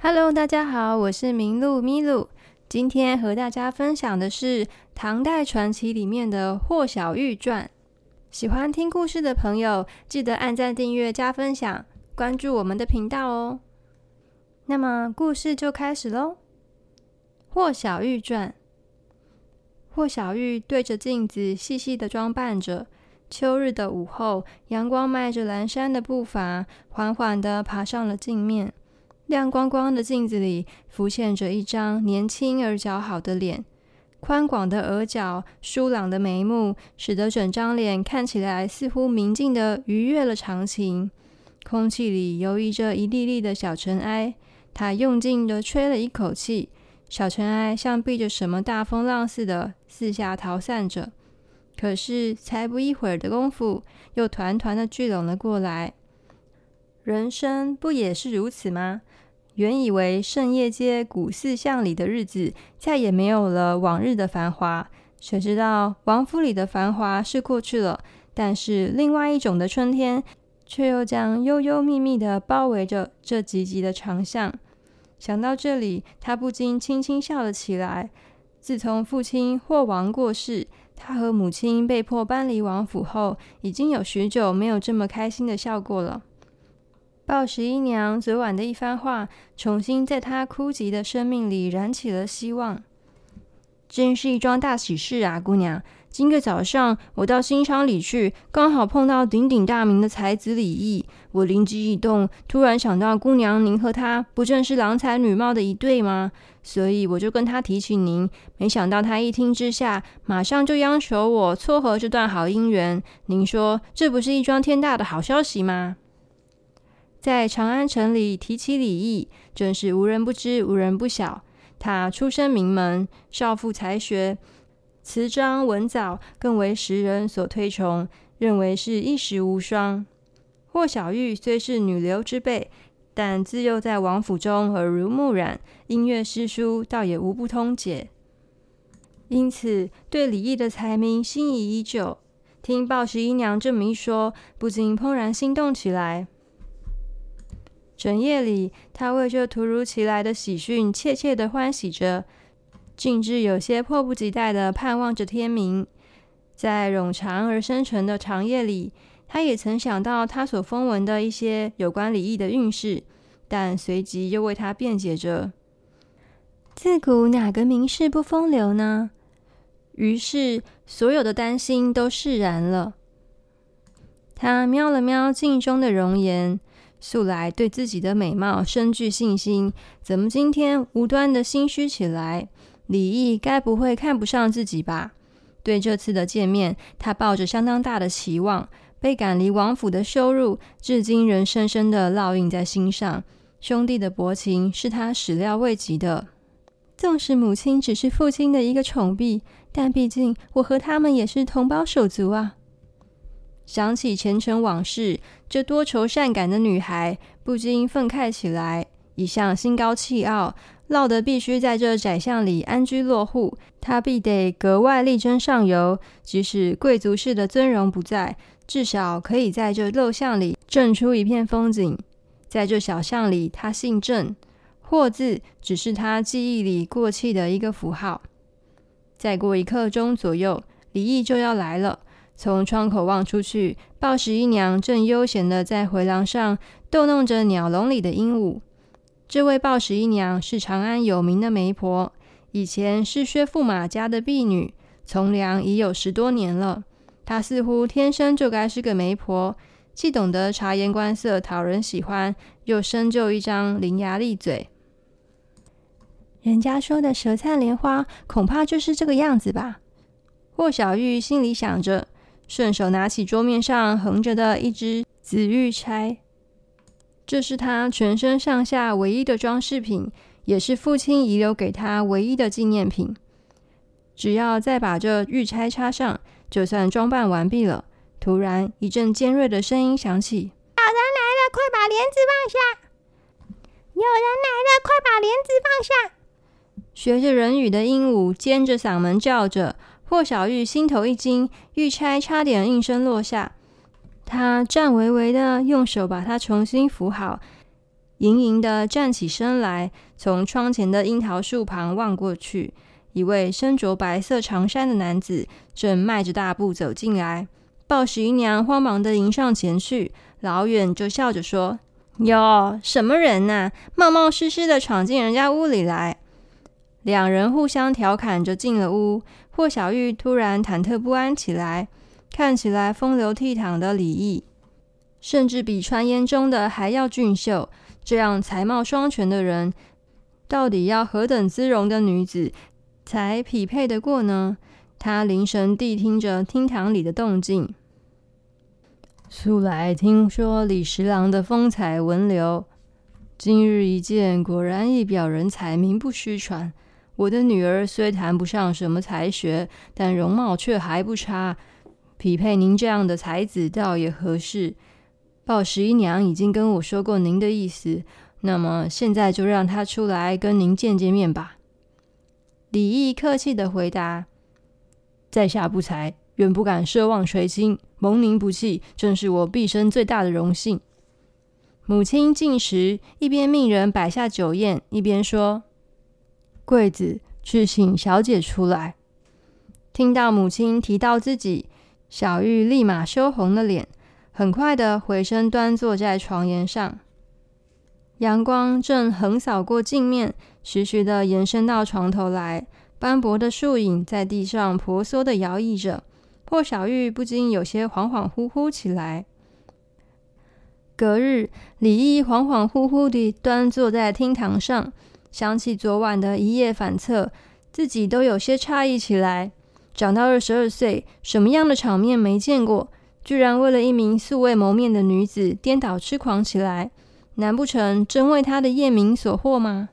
哈嘍，大家好，我是鳴鹿迷路，今天和大家分享的是唐代傳奇裡面的《霍小玉傳》。喜歡聽故事的朋友，記得按讚、訂閱、加分享，關注我們的頻道哦。那麼，故事就開始嘍，《霍小玉傳》。霍小玉對着鏡子細細的裝扮着。秋日的午後，陽光邁着闌珊的步伐，緩緩的爬上了鏡面。亮光光的鏡子裡，浮現着一張年輕而姣好的臉，寬廣的額角、疏朗的眉目，使得整張臉看起來似乎明淨的逾越了常情。空氣裡游移着一粒粒的小塵埃，他用勁的吹了一口氣，小塵埃像避着什麼大風浪似的四下逃散着，可是才不一會兒的功夫，又團團的聚攏了過來。人生不也是如此嗎？原以為勝業街古寺巷裡的日子再也沒有了往日的繁華，誰知道王府裡的繁華是過去了，但是另外一種的春天卻又將幽幽密密地包圍着這幾級的長巷。想到這裡，他不禁輕輕笑了起來。自從父親霍王過世，他和母親被迫搬離王府後，已經有許久沒有這麼開心地笑過了。鮑十一娘昨晚的一番話，重新在她枯竭的生命裡燃起了希望。真是一樁大喜事啊，姑娘！今個早上我到新昌里去，剛好碰到鼎鼎大名的才子李益。我靈機一動，突然想到姑娘您和他不正是郎才女貌的一對嗎？所以我就跟他提起您。沒想到他一聽之下，馬上就央求我撮合這段好姻緣。您說這不是一樁天大的好消息嗎？在長安城裡提起李益，真是無人不知，無人不曉。他出身名門，少負才學，詞章文藻更為時人所推崇，認為是一時無雙。霍小玉雖是女流之輩，但自幼在王府中耳濡目染，音樂詩書倒也無不通解，因此對李益的才名心儀已，已久。聽鮑十一娘這麼一說，不禁怦然心動起來。整夜裡，他為這突如其來的喜訊切切的歡喜着，竟至有些迫不及待的盼望着天明。在冗長而深沉的長夜裡，他也曾想到他所風聞的一些有關李益的韻事，但隨即又為他辯解着：自古哪個名士不風流呢？於是，所有的擔心都釋然了。他瞄了瞄鏡中的容顏。素來對自己的美貌深具信心，怎麼今天無端的心虛起來？李益該不會看不上自己吧？對這次的見面，他抱着相當大的期望。被趕離王府的羞辱至今仍深深的烙印在心上。兄弟的薄情是他始料未及的。縱使母親只是父親的一個寵婢，但畢竟我和他們也是同胞手足啊。想起前塵往事，這多愁善感的女孩不禁憤慨起來。一向心高氣傲，落得必須在這窄巷裡安居落戶，她必得格外力爭上游。即使貴族式的尊榮不在，至少可以在這陋巷裡掙出一片風景。在這小巷裡，她姓鄭，霍字只是她記憶裡過氣的一個符號。再過一刻鐘左右，李益就要來了。從窗口望出去，鮑十一娘正悠閒地在回廊上逗弄着鳥籠裡的鸚鵡。這位鮑十一娘是長安有名的媒婆，以前是薛駙馬家的婢女，從良已有十多年了。她似乎天生就該是個媒婆，既懂得察言觀色、討人喜歡，又生就一張伶牙俐嘴。人家說的“舌燦蓮花”，恐怕就是這個樣子吧？霍小玉心裡想着。順手拿起桌面上橫着的一隻紫玉釵，這是他全身上下唯一的裝飾品，也是父親遺留給他唯一的紀念品。只要再把這玉釵插上，就算裝扮完畢了。突然，一陣尖銳的聲音響起：“有人來了，快把簾子放下！有人來了，快把簾子放下！”學着人語的鸚鵡尖着嗓門叫着。霍小玉心頭一驚，玉釵差點應聲落下。她顫巍巍的用手把它重新扶好，盈盈的站起身來，從窗前的櫻桃樹旁望過去，一位身着白色長衫的男子正邁着大步走進來。鮑十一娘慌忙的迎上前去，老遠就笑着說：“喲，什麼人吶？冒冒失失的闖進人家屋裡來！”兩人互相調侃着進了屋。霍小玉突然忐忑不安起來，看起來風流倜儻的李益，甚至比傳言中的還要俊秀。這樣才貌雙全的人，到底要何等姿容的女子才匹配得過呢？她凝神諦聽着廳堂裡的動靜。素來聽說李十郎的風采文流，今日一見，果然一表人才，名不虛傳。我的女兒雖談不上什麼才學，但容貌卻還不差，匹配您這樣的才子倒也合適。鮑十一娘已經跟我說過您的意思，那麼現在就讓她出來跟您見見面吧。”李益客氣的回答：“在下不才，遠不敢奢望垂青，蒙您不棄，正是我畢生最大的榮幸。”母親進食，一邊命人擺下酒宴，一邊說。櫃子去請小姐出來。聽到母親提到自己，小玉立馬羞紅了臉，很快的回身端坐在床沿上。陽光正橫掃過鏡面，徐徐的延伸到床頭來，斑駁的樹影在地上婆娑的搖曳着。破小玉不禁有些恍恍惚惚起來。隔日，李毅恍恍惚，惚惚地端坐在廳堂上。想起昨晚的一夜反側，自己都有些詫異起來。長到二十二歲，什麼樣的場面沒見過？居然為了一名素未謀面的女子顛倒痴狂起來，難不成真為她的艷名所惑嗎？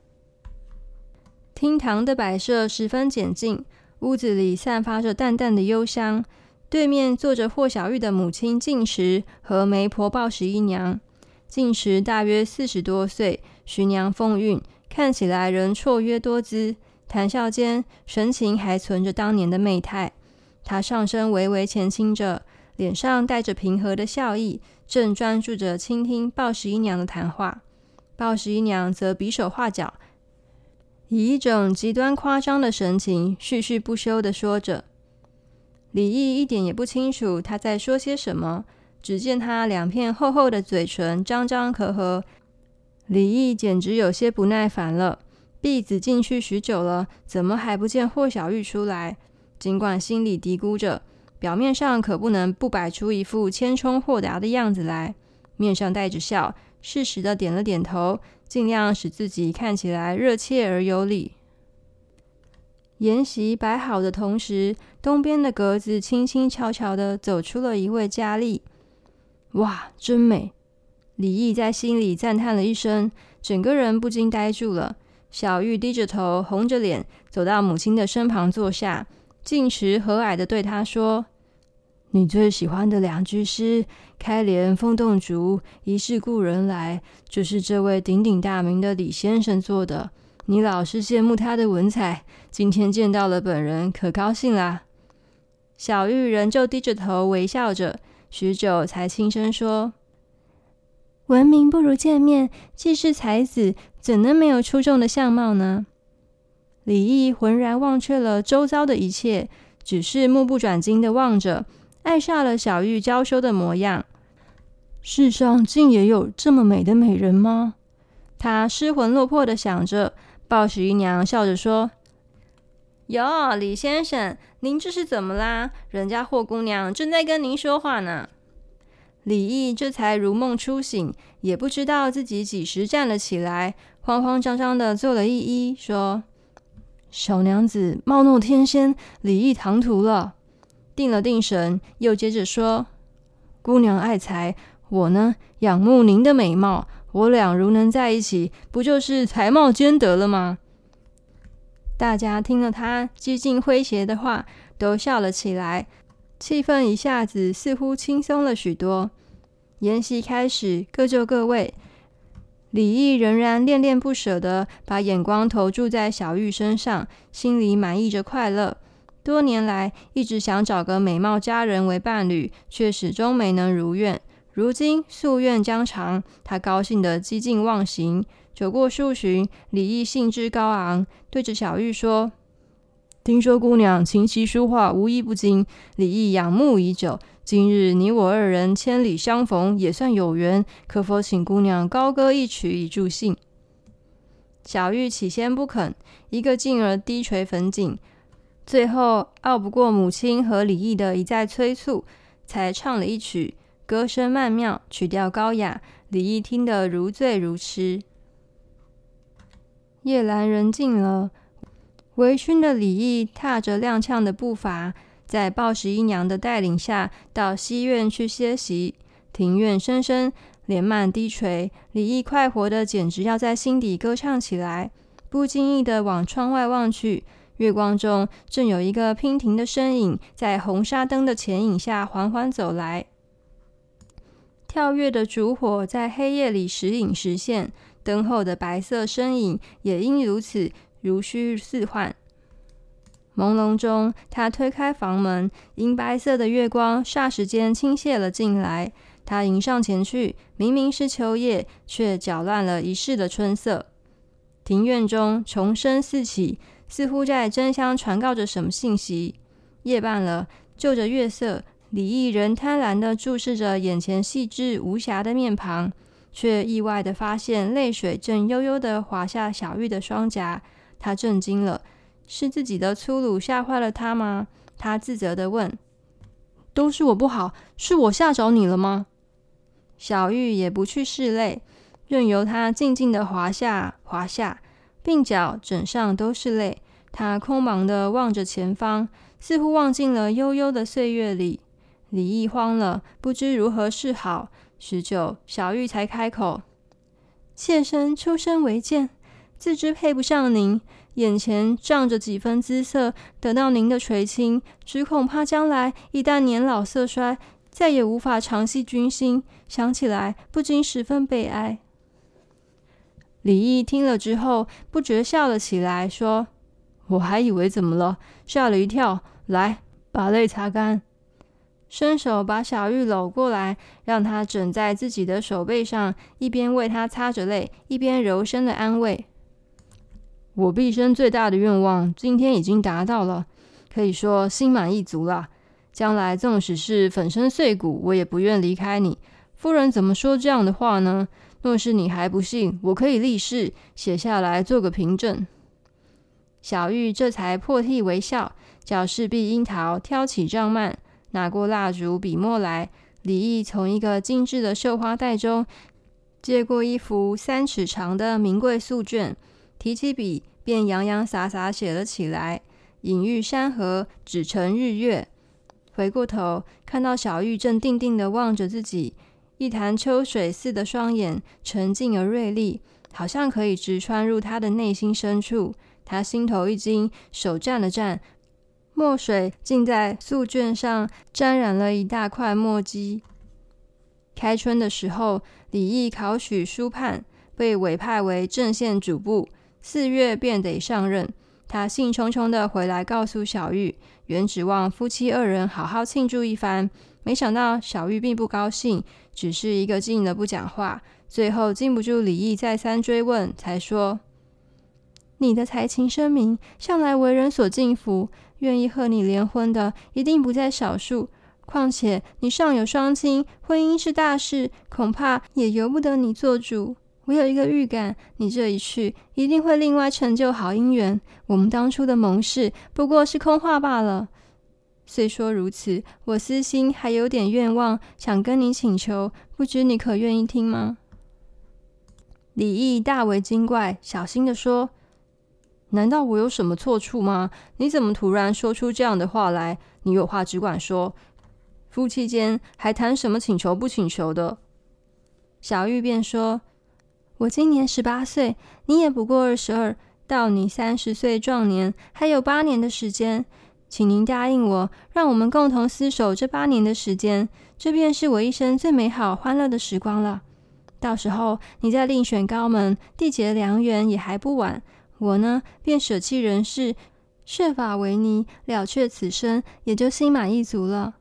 廳堂的擺設十分簡淨，屋子裡散發着淡淡的幽香。對面坐着霍小玉的母親淨持和媒婆鮑十一娘。淨持大約四十多歲，徐娘風韻。看起來人綽約多姿，談笑間神情還存着當年的媚態。他上身微微前傾着，臉上帶着平和的笑意，正專注着傾聽鮑十一娘的談話。鮑十一娘則比手畫腳，以一種極端誇張的神情，絮絮不休地說着。李益一點也不清楚他在說些什麼，只見他兩片厚厚的嘴唇張張合合。李益簡直有些不耐煩了，婢子進去許久了，怎麼還不見霍小玉出來？儘管心裡嘀咕着，表面上可不能不擺出一副謙沖豁達的樣子來，面上帶着笑，適時的點了點頭，盡量使自己看起來熱切而有禮。筵席擺好的同時，東邊的格子輕輕悄悄的走出了一位佳麗，哇，真美！李益在心裡讚嘆了一聲，整個人不禁呆住了。小玉低着頭，紅着臉，走到母親的身旁坐下，淨持和藹地對她說：“你最喜歡的兩句詩‘開簾風動竹，疑是故人來’，就是這位鼎鼎大名的李先生做的。你老是羨慕他的文采，今天見到了本人，可高興啦。”小玉仍舊低着頭，微笑着，許久才輕聲說。聞名不如見面，既是才子，怎能沒有出眾的相貌呢？李益渾然忘卻了周遭的一切，只是目不轉睛的望着，愛上了小玉嬌羞的模樣。世上竟也有這麼美的美人嗎？他失魂落魄的想着，鮑十一娘笑着說：“喲，李先生，您這是怎麼啦？人家霍姑娘正在跟您說話呢。”李毅這才如夢初醒，也不知道自己幾時站了起來，慌慌張張的做了一揖，說：“小娘子貌若天仙，李毅唐突了。”定了定神，又接着說：“姑娘愛才，我呢，仰慕您的美貌，我倆如能在一起，不就是才貌兼得了嗎？”大家聽了他機警詼諧的話，都笑了起來，氣氛一下子似乎輕鬆了許多。宴席開始，各就各位。李益仍然戀戀不捨地把眼光投注在小玉身上，心裡滿意着快樂。多年來一直想找個美貌佳人為伴侶，卻始終沒能如願。如今夙願將償，他高興得幾近忘形。酒過數巡，李益興致高昂，對着小玉說。聽說姑娘琴棋書畫無一不精，李益仰慕已久。今日你我二人千里相逢，也算有緣。可否請姑娘高歌一曲以助興？小玉起先不肯，一個勁兒低垂粉頸，最後拗不過母親和李益的一再催促，才唱了一曲。歌聲曼妙，曲調高雅，李益聽得如醉如痴。夜闌人靜了。微醺的李益踏着踉蹌的步伐，在鮑十一娘的帶領下到西院去歇息。庭院深深，簾幔低垂，李益快活的簡直要在心底歌唱起來。不經意的往窗外望去，月光中正有一個娉婷的身影在紅紗燈的牽引下緩緩走來。跳躍的燭火在黑夜裡時隱時現，燈後的白色身影也因如此。如虛似幻，朦朧中，他推開房門，銀白色的月光霎時間傾瀉了進來。他迎上前去，明明是秋夜，卻攪亂了一世的春色。庭院中蟲聲四起，似乎在爭相傳告着什麼信息。夜半了，就着月色，李益仍貪婪的注視着眼前細緻無瑕的面龐，卻意外的發現淚水正悠悠的滑下小玉的雙頰。他震驚了，是自己的粗魯嚇壞了他嗎？他自責地問：“都是我不好，是我嚇着你了嗎？”小玉也不去拭淚，任由他靜靜地滑下滑下，鬢角、枕上都是淚。他空茫地望着前方，似乎望進了悠悠的歲月裡。李益慌了，不知如何是好。許久，小玉才開口：“妾身出身為賤。”自知配不上您，眼前仗着幾分姿色得到您的垂青，只恐怕將來一旦年老色衰，再也無法長繫君心，想起來不禁十分悲哀。李益聽了之後，不覺笑了起來，說：“我還以為怎麼了，嚇了一跳。來，把淚擦乾。”伸手把小玉摟過來，讓她枕在自己的手背上，一邊為她擦着淚，一邊柔聲的安慰。我畢生最大的願望，今天已經達到了，可以說心滿意足了。將來縱使是粉身碎骨，我也不願離開你。夫人怎麼說這樣的話呢？若是你還不信，我可以立誓，寫下來做個憑證。小玉這才破涕為笑，叫侍婢櫻桃挑起帳幔，拿過蠟燭、筆墨來。李益從一個精致的繡花袋中接過一幅三尺長的名貴素絹。提起筆，便洋洋灑灑寫了起來，隱喻山河，只成日月。回過頭，看到小玉正定定地望着自己，一潭秋水似的雙眼，沉靜而銳利，好像可以直穿入他的內心深處。他心頭一驚，手顫了顫，墨水竟在素絹上沾染了一大塊墨跡。開春的時候，李益考取書判，被委派為正縣主簿。四月便得上任，他興沖沖的回來告訴小玉，原指望夫妻二人好好慶祝一番，沒想到小玉並不高興，只是一個勁的不講話。最後禁不住李益再三追問，才說：“你的才情聲名，向來為人所敬服，願意和你聯婚的一定不在少數。況且你尚有雙親，婚姻是大事，恐怕也由不得你做主。”我有一個預感，你這一去一定會另外成就好姻緣。我們當初的盟誓不過是空話罷了。雖說如此，我私心還有點願望，想跟你請求，不知你可願意聽嗎？李益大為驚怪，小心地說：“難道我有什麼錯處嗎？你怎麼突然說出這樣的話來？你有話只管說，夫妻間還談什麼請求不請求的？”小玉便說。我今年十八歲，你也不過二十二，到你三十歲壯年還有八年的時間，請您答應我，讓我們共同廝守這八年的時間，這便是我一生最美好、歡樂的時光了。到時候，你再另選高門，締結良緣也還不晚。我呢，便捨棄人世，設法為你了卻此生，也就心滿意足了。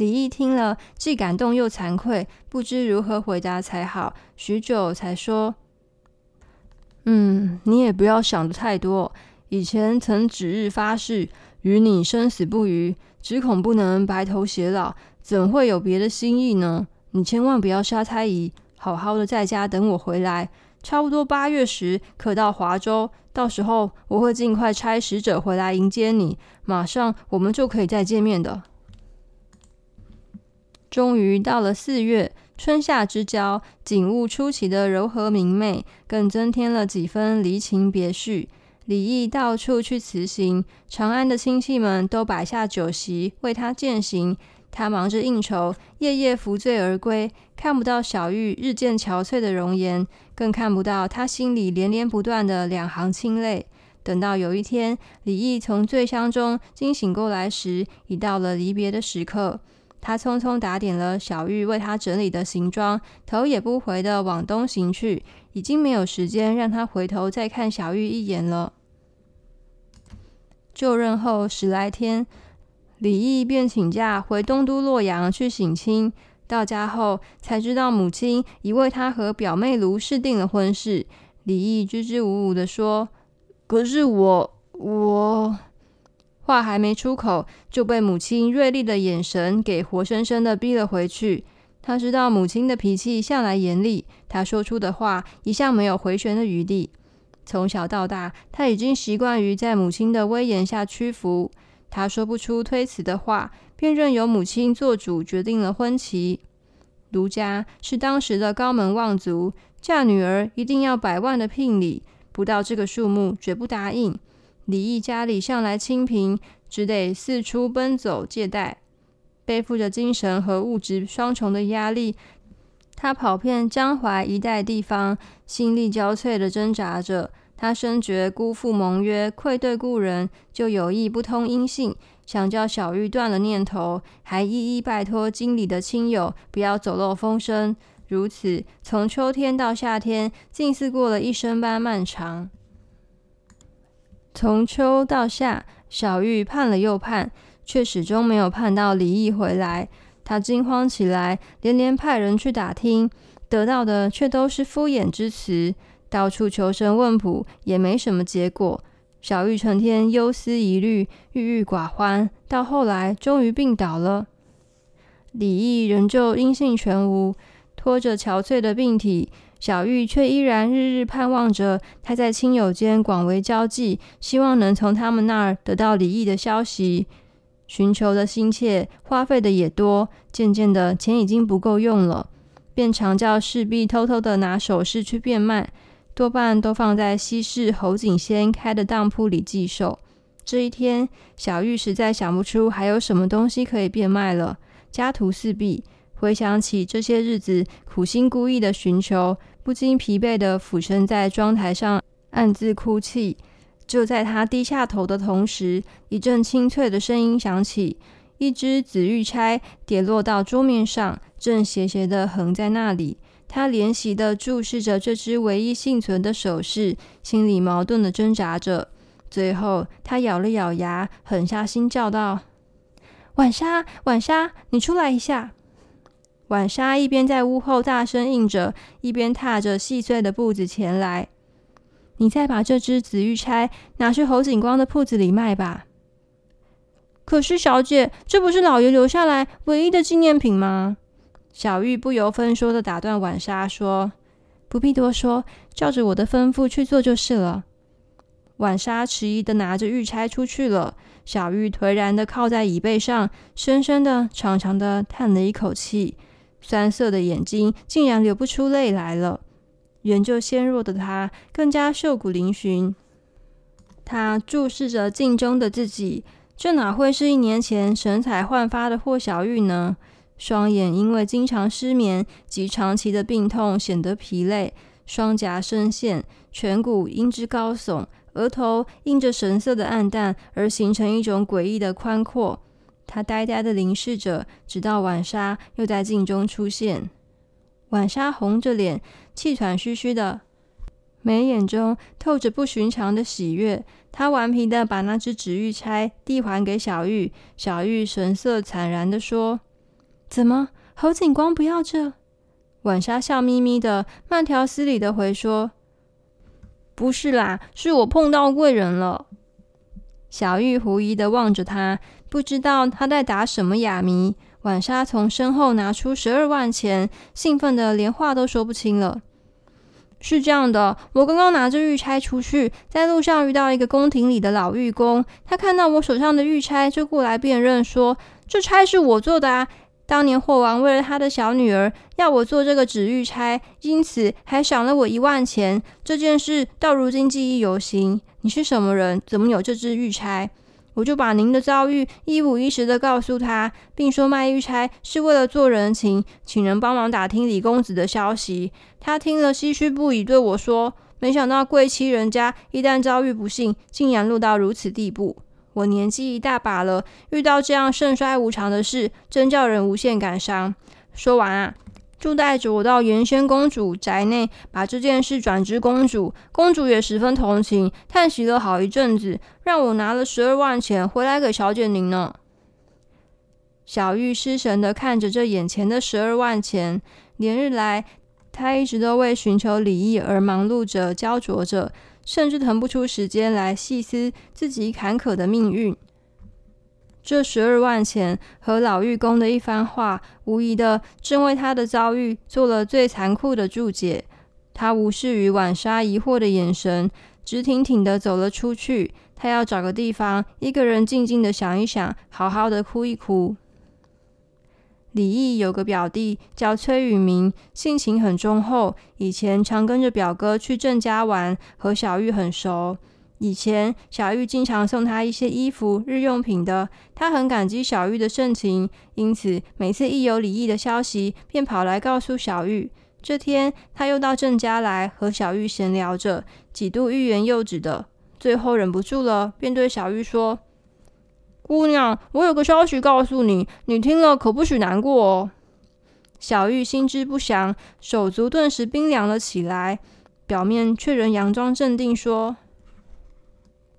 李益聽了，既感動又慚愧，不知如何回答才好。許久才說：“嗯，你也不要想的太多。以前曾指日發誓，與你生死不渝，只恐不能白頭偕老，怎會有別的心意呢？你千萬不要瞎猜疑，好好的在家等我回來。差不多八月時可到華州，到時候我會盡快差使者回來迎接你。馬上我們就可以再見面的。”終於到了四月，春夏之交，景物出奇的柔和明媚，更增添了幾分離情別緒。李益到處去辭行，長安的親戚們都擺下酒席為他餞行，他忙着應酬，夜夜扶醉而歸，看不到小玉日漸憔悴的容顏，更看不到他心裡連連不斷的兩行清淚。等到有一天，李益從醉鄉中驚醒過來時，已到了離別的時刻。他匆匆打點了小玉為他整理的行裝，頭也不回地往東行去，已經沒有時間讓他回頭再看小玉一眼了。就任後十來天，李益便請假回東都洛陽去省親。到家後才知道母親已為他和表妹盧氏定了婚事。李益支支吾吾地說：“可是我，我……”話還沒出口，就被母親銳利的眼神給活生生的逼了回去。他知道母親的脾氣向來嚴厲，他說出的話一向沒有回旋的餘地。從小到大，他已經習慣於在母親的威嚴下屈服。他說不出推辭的話，便任由母親做主決定了婚期。盧家是當時的高門望族，嫁女兒一定要百萬的聘禮，不到這個數目絕不答應。李益家裡向來清貧，只得四處奔走借貸，背負着精神和物質雙重的壓力。他跑遍江淮一帶地方，心力交瘁地掙扎着。他深覺辜負盟約，愧對故人，就有意不通音信，想叫小玉斷了念頭，還一一拜托經理的親友不要走漏風聲。如此，從秋天到夏天，竟似過了一生般漫長。從秋到夏，小玉盼了又盼，卻始終沒有盼到李益回來。她驚慌起來，連連派人去打聽，得到的卻都是敷衍之詞。到處求神問卜，也沒什麼結果。小玉成天憂思疑慮，鬱鬱寡歡，到後來終於病倒了。李益仍舊音信全無，拖着憔悴的病體。小玉卻依然日日盼望着他，在親友間廣為交際，希望能從他們那兒得到李益的消息。尋求的心切，花費的也多，漸漸的錢已經不夠用了，便常叫侍婢偷偷的拿首飾去變賣，多半都放在西市侯景先開的當鋪裡寄售。這一天，小玉實在想不出還有什麼東西可以變賣了，家徒四壁。回想起這些日子苦心孤詣的尋求，不禁疲憊的俯身在妝台上暗自哭泣。就在他低下頭的同時，一陣清脆的聲音響起，一隻紫玉釵跌落到桌面上，正斜斜的橫在那裡。他憐惜的注視着這隻唯一幸存的首飾，心裡矛盾的掙扎着。最後，他咬了咬牙，狠下心叫道：“浣紗，浣紗，你出來一下。”浣紗一邊在屋後大聲應着，一邊踏着細碎的步子前來。你再把這只紫玉釵拿去侯景光的鋪子裡賣吧。可是小姐，這不是老爺留下來唯一的紀念品嗎？小玉不由分說地打斷浣紗說：“不必多說，照着我的吩咐去做就是了。”浣紗遲疑地拿着玉釵出去了。小玉頹然地靠在椅背上，深深地、長長地嘆了一口氣。酸澀的眼睛竟然流不出淚來了，本就纖弱的她更加瘦骨嶙峋。她注視着鏡中的自己，這哪會是一年前神采煥發的霍小玉呢？雙眼因為經常失眠及長期的病痛顯得疲累，雙頰深陷，顴骨因之高聳，額頭因着神色的暗淡，而形成一種詭異的寬闊。他呆呆的凝視着，直到晚沙又在鏡中出現。晚沙紅着臉，氣喘吁吁的，眉眼中透着不尋常的喜悅。他頑皮的把那只紫玉釵遞還給小玉，小玉神色慘然的說：“怎麼，侯警官不要這？”晚沙笑眯眯的，慢條斯理的回說：“不是啦，是我碰到貴人了。”小玉狐疑的望着他。不知道他在打什麼啞謎。晚沙從身後拿出十二萬錢，興奮得連話都說不清了。是這樣的，我剛剛拿着玉釵出去，在路上遇到一個宮廷裡的老玉工，他看到我手上的玉釵，就過來辨認說，說這釵是我做的啊。當年霍王為了他的小女兒，要我做這個紫玉釵，因此還賞了我一萬錢。這件事到如今記憶猶新。你是什麼人？怎麼有這支玉釵？我就把您的遭遇一五一十的告訴他，並說賣玉釵是為了做人情，請人幫忙打聽李公子的消息。他聽了唏噓不已，對我說：“沒想到貴戚人家一旦遭遇不幸，竟然落到如此地步。我年紀一大把了，遇到這樣盛衰無常的事，真叫人無限感傷。”說完啊。就帶着我到原先公主宅內，把這件事轉知公主。公主也十分同情，嘆息了好一陣子，讓我拿了十二萬錢回來給小姐您呢。小玉失神的看着這眼前的十二萬錢，連日來她一直都為尋求李益而忙碌着、焦灼着，甚至騰不出時間來細思自己坎坷的命運。這十二萬錢和老玉工的一番話，無疑的正為他的遭遇做了最殘酷的注解。他無視於晚沙疑惑的眼神，直挺挺的走了出去。他要找個地方，一個人靜靜的想一想，好好的哭一哭。李益有個表弟叫崔宇明，性情很忠厚，以前常跟着表哥去鄭家玩，和小玉很熟。以前，小玉經常送他一些衣服、日用品的。他很感激小玉的盛情，因此每次一有李益的消息，便跑來告訴小玉。這天，他又到鄭家來，和小玉閒聊着，幾度欲言又止的，最後忍不住了，便對小玉說：“姑娘，我有個消息告訴你，你聽了可不許難過哦。”小玉心知不祥，手足頓時冰涼了起來，表面卻仍佯裝鎮定說。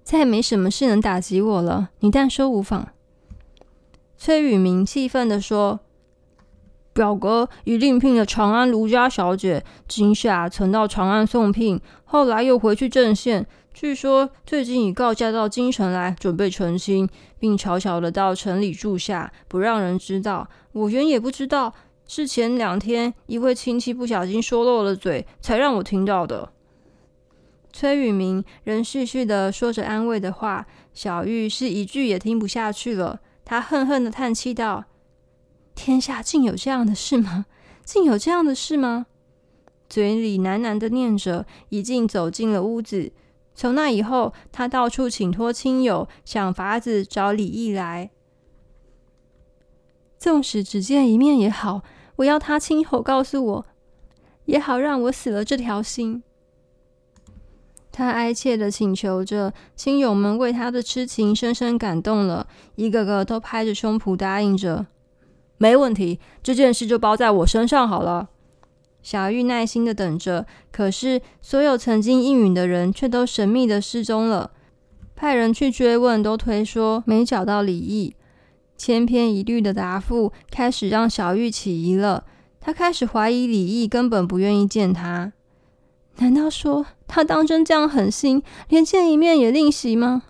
再沒什麼事能打擊我了，你但說無妨。”崔宇明氣憤的說，“表哥已另聘的長安盧家小姐，今夏曾到長安送聘，後來又回去鄭縣。據說最近已告假到京城來準備成親，並悄悄的到城裡住下，不讓人知道。我原也不知道，是前兩天一位親戚不小心說漏了嘴，才讓我聽到的。”崔允明仍絮絮的說着安慰的話，小玉是一句也聽不下去了。他恨恨的嘆氣道：“天下竟有這樣的事嗎？竟有這樣的事嗎？”嘴裡喃喃的念着，已經走進了屋子。從那以後，他到處請托親友，想法子找李益來。縱使只見一面也好，我要他親口告訴我，也好讓我死了這條心。他哀切地請求着，親友們為他的痴情深深感動了，一個個都拍着胸脯答應着，沒問題，這件事就包在我身上好了。小玉耐心地等着，可是所有曾經應允的人卻都神秘地失蹤了。派人去追問，都推說沒找到李益，千篇一律的答覆開始讓小玉起疑了。他開始懷疑李益根本不願意見他，難道說？他當真這樣狠心，連見一面也吝惜嗎？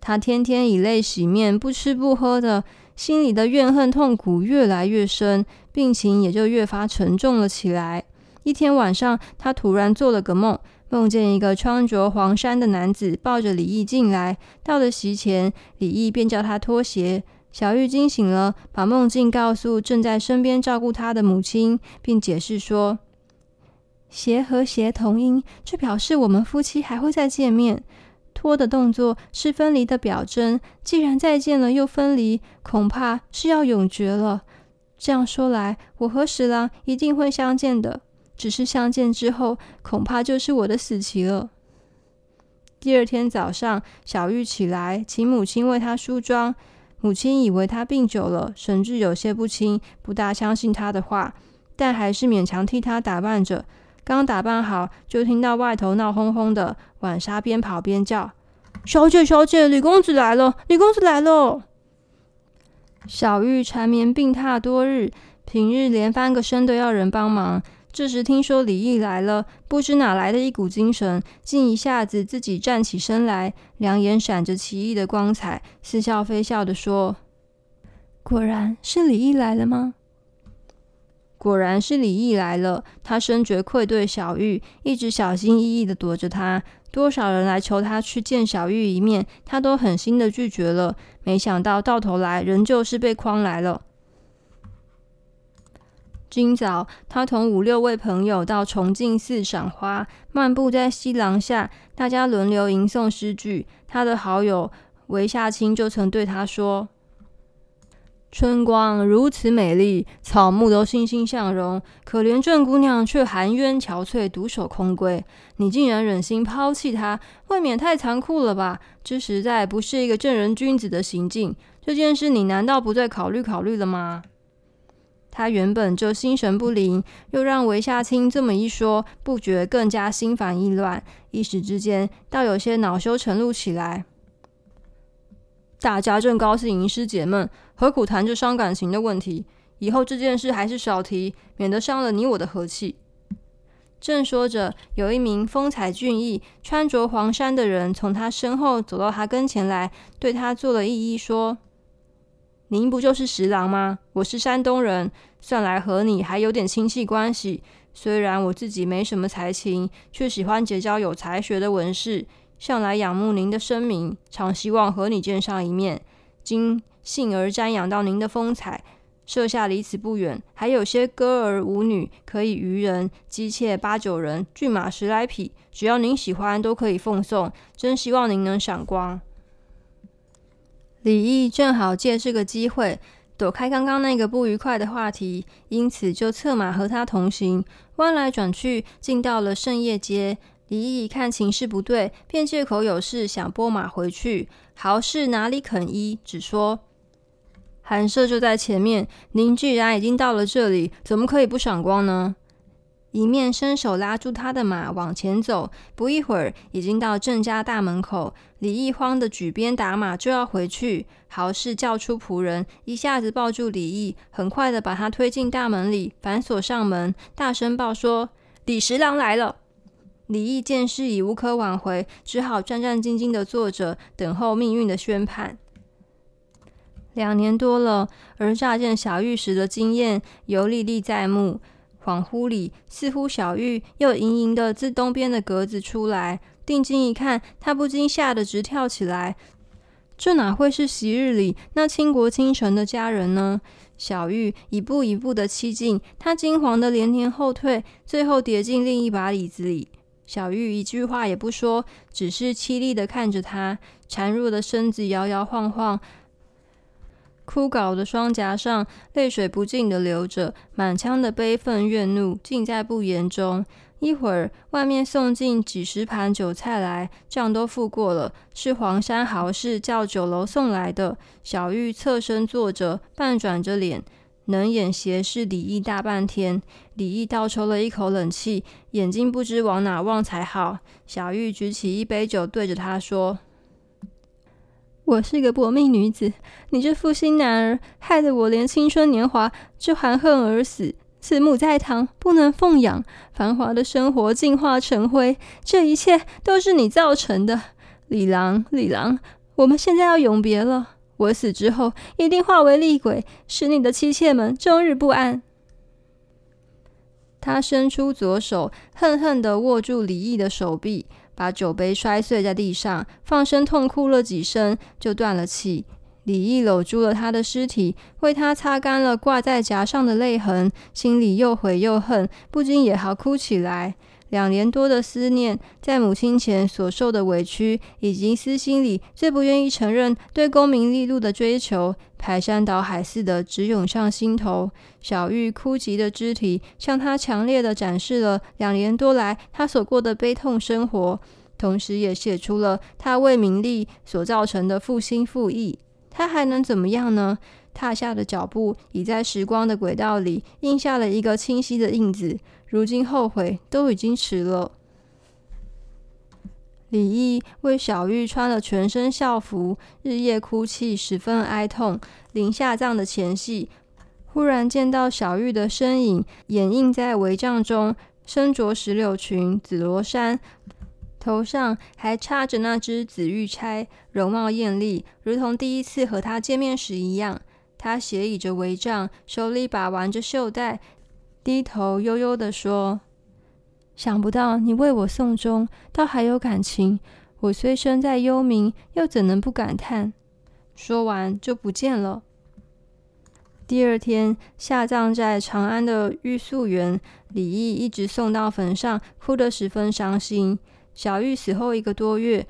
他天天以淚洗面，不吃不喝的，心裡的怨恨痛苦越來越深，病情也就越發沉重了起來。一天晚上，他突然做了個夢，夢見一個穿着黃衫的男子抱着李益進來，到了席前，李益便叫他脫鞋。小玉驚醒了，把夢境告訴正在身邊照顧他的母親，並解釋說。鞋和諧同音，這表示我們夫妻還會再見面。脫的動作是分離的表徵，既然再見了又分離，恐怕是要永訣了。這樣說來，我和十郎一定會相見的，只是相見之後，恐怕就是我的死期了。第二天早上，小玉起來，請母親為她梳妝。母親以為她病久了，神志有些不清，不大相信她的話，但還是勉強替她打扮着。剛打扮好，就聽到外頭鬧哄哄的。晚沙邊跑邊叫：“小姐，小姐，李公子來了！李公子來了！”小玉纏綿病榻多日，平日連翻個身都要人幫忙。這時聽說李益來了，不知哪來的一股精神，竟一下子自己站起身來，兩眼閃着奇異的光彩，似笑非笑的說：“果然是李益來了嗎？”果然是李益來了。他深覺愧對小玉，一直小心翼翼的躲着她。多少人來求他去見小玉一面，他都狠心的拒絕了。沒想到到頭來，仍舊是被誆來了。今早，他同五六位朋友到崇敬寺賞花，漫步在西廊下，大家輪流吟誦詩句。他的好友韋夏卿就曾對他說。春光如此美麗，草木都欣欣向榮，可憐鄭姑娘卻含冤憔悴，獨守空閨。你竟然忍心拋棄她，未免太殘酷了吧？這實在不是一個正人君子的行徑。這件事你難道不再考慮考慮了嗎？他原本就心神不寧，又讓韋夏卿這麼一說，不覺更加心煩意亂，一時之間倒有些惱羞成怒起來。大家正高興吟詩解悶，何苦談這傷感情的問題？以後這件事還是少提，免得傷了你我的和氣。正說着，有一名風采俊逸、穿着黃衫的人從他身後走到他跟前來，對他做了揖，說：“您不就是十郎嗎？我是山東人，算來和你還有點親戚關係。雖然我自己沒什麼才情，却喜歡結交有才學的文士。”向來仰慕您的聲名，常希望和你見上一面。今幸而瞻仰到您的風采，舍下離此不遠，還有些歌兒舞女可以娛人，姬妾八九人，駿馬十來匹，只要您喜歡都可以奉送。真希望您能賞光。李益正好借這個機會躲開剛剛那個不愉快的話題，因此就策馬和他同行，彎來轉去，進到了勝業街。李益一看情勢不對，便借口有事想撥馬回去。豪士哪裡肯依，只說：“寒舍就在前面，您既然已經到了這裡，怎麼可以不賞光呢？”一面伸手拉住他的馬往前走。不一會兒，已經到鄭家大門口。李益慌的舉鞭打馬就要回去，豪士叫出僕人，一下子抱住李益，很快的把他推進大門裡，反鎖上門，大聲報說：“李十郎來了。”李益見事已無可挽回，只好戰戰兢兢的坐着等候命運的宣判。兩年多了，而乍見小玉時的驚艷猶歷歷在目。恍惚裡，似乎小玉又盈盈的自東邊的格子出來。定睛一看，他不禁嚇得直跳起來。這哪會是昔日裡那傾國傾城的佳人呢？小玉一步一步的趨近，他驚惶的連連後退，最後跌進另一把椅子裡。小玉一句話也不說，只是淒厲地看着他，孱弱的身子搖搖晃晃，枯槁的雙頰上淚水不盡地流着，滿腔的悲憤怨怒盡在不言中。一會兒，外面送進幾十盤酒菜來，賬都付過了，是黃山豪士叫酒樓送來的。小玉側身坐着，半轉着臉。冷眼斜視李益大半天，李益倒抽了一口冷氣，眼睛不知往哪望才好。小玉舉起一杯酒，對着他說：“我是個薄命女子，你這負心男兒，害得我連青春年華就含恨而死。慈母在堂不能奉養，繁華的生活進化成灰，這一切都是你造成的。李郎，李郎，我們現在要永別了。”我死之後，一定化為厲鬼，使你的妻妾們終日不安。他伸出左手，恨恨地握住李益的手臂，把酒杯摔碎在地上，放聲痛哭了幾聲，就斷了氣。李益摟住了他的屍體，為他擦乾了掛在頰上的淚痕，心裡又悔又恨，不禁也嚎哭起來。兩年多的思念，在母親前所受的委屈，以及私心裡最不願意承認對功名利祿的追求，排山倒海似的直湧上心頭。小玉枯竭的肢體，向他強烈的展示了兩年多來他所過的悲痛生活，同時也寫出了他為名利所造成的負心負義。他還能怎麼樣呢？踏下的腳步已在時光的軌道裡印下了一個清晰的印子。如今後悔都已經遲了。李益為小玉穿了全身孝服，日夜哭泣，十分哀痛。臨下葬的前夕，忽然見到小玉的身影，掩映在帷帳中，身着石榴裙、紫羅衫，頭上還插着那隻紫玉釵，容貌豔麗，如同第一次和她見面時一樣。她斜倚着帷帳，手裡把玩着繡帶。低頭悠悠地說：“想不到你為我送終，倒還有感情。我雖身在幽冥，又怎能不感嘆？”說完就不見了。第二天下葬在長安的御宿原，李益一直送到墳上，哭得十分傷心。小玉死後一個多月，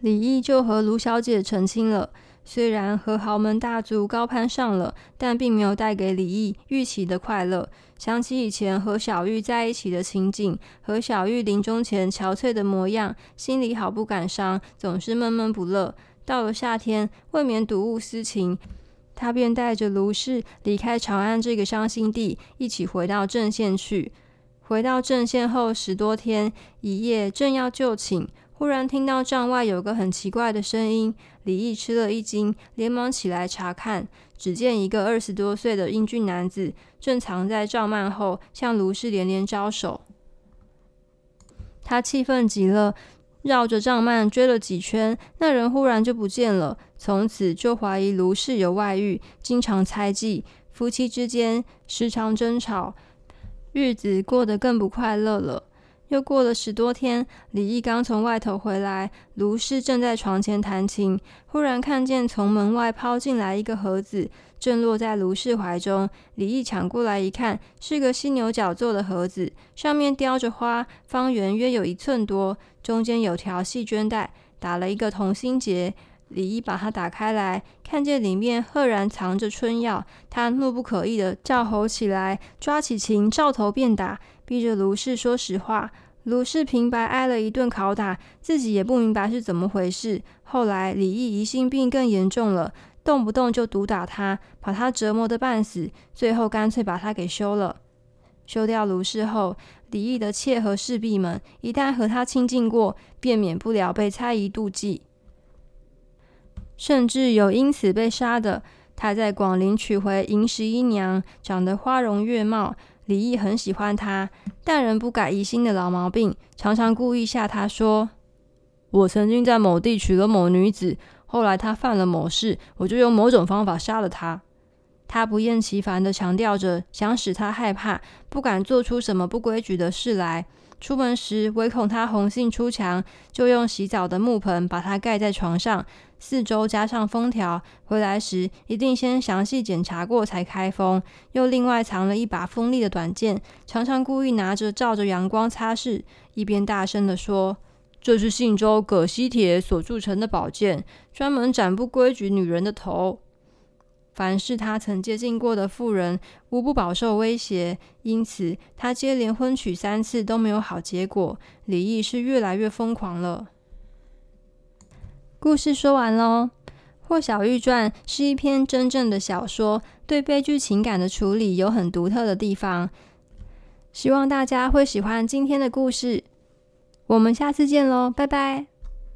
李益就和盧小姐成親了。雖然和豪門大族高攀上了，但並沒有帶給李益預期的快樂。想起以前和小玉在一起的情景，和小玉臨終前憔悴的模樣，心裡好不感傷，總是悶悶不樂。到了夏天，未免睹物思情，他便帶着盧氏離開長安這個傷心地，一起回到鄭縣去。回到鄭縣後十多天，一夜正要就寢。忽然聽到帳外有個很奇怪的聲音，李益吃了一驚，連忙起來查看，只見一個二十多歲的英俊男子正藏在帳幔後，向盧氏連連招手。他氣憤極了，繞着帳幔追了幾圈，那人忽然就不見了。從此就懷疑盧氏有外遇，經常猜忌，夫妻之間時常爭吵，日子過得更不快樂了。又過了十多天，李益剛從外頭回來，盧氏正在床前彈琴，忽然看見從門外拋進來一個盒子，正落在盧氏懷中。李益搶過來一看，是個犀牛角做的盒子，上面雕着花，方圓約有一寸多，中間有條細絹帶，打了一個同心結。李益把它打開來，看見裡面赫然藏着春藥，他怒不可遏地叫吼起來，抓起琴，照頭便打。逼着盧氏說實話，盧氏平白挨了一頓拷打，自己也不明白是怎麼回事。後來李益疑心病更嚴重了，動不動就毒打他，把他折磨得半死，最後乾脆把他給休了。休掉盧氏後，李益的妾和侍婢們一旦和他親近過，便免不了被猜疑妒忌，甚至有因此被殺的。他在廣陵娶回營十一娘，長得花容月貌。李益很喜歡他，但仍不改疑心的老毛病，常常故意嚇他說：“我曾經在某地娶了某女子，後來她犯了某事，我就用某種方法殺了她。”他不厭其煩地強調着，想使她害怕，不敢做出什麼不規矩的事來。出門時，唯恐她紅杏出牆，就用洗澡的木盆把她蓋在床上。四周加上封條，回來時一定先詳細檢查過才開封。又另外藏了一把鋒利的短劍，常常故意拿着照着陽光擦拭，一邊大聲地說：“這是信州葛溪鐵所鑄成的寶劍，專門斬不規矩女人的頭。凡是他曾接近過的婦人，無不飽受威脅。因此，他接連婚娶三次都沒有好結果，李益是越來越瘋狂了。”故事說完咯。《霍小玉傳》是一篇真正的小說，對悲劇情感的處理有很獨特的地方。希望大家會喜歡今天的故事。我們下次見嘍，拜拜。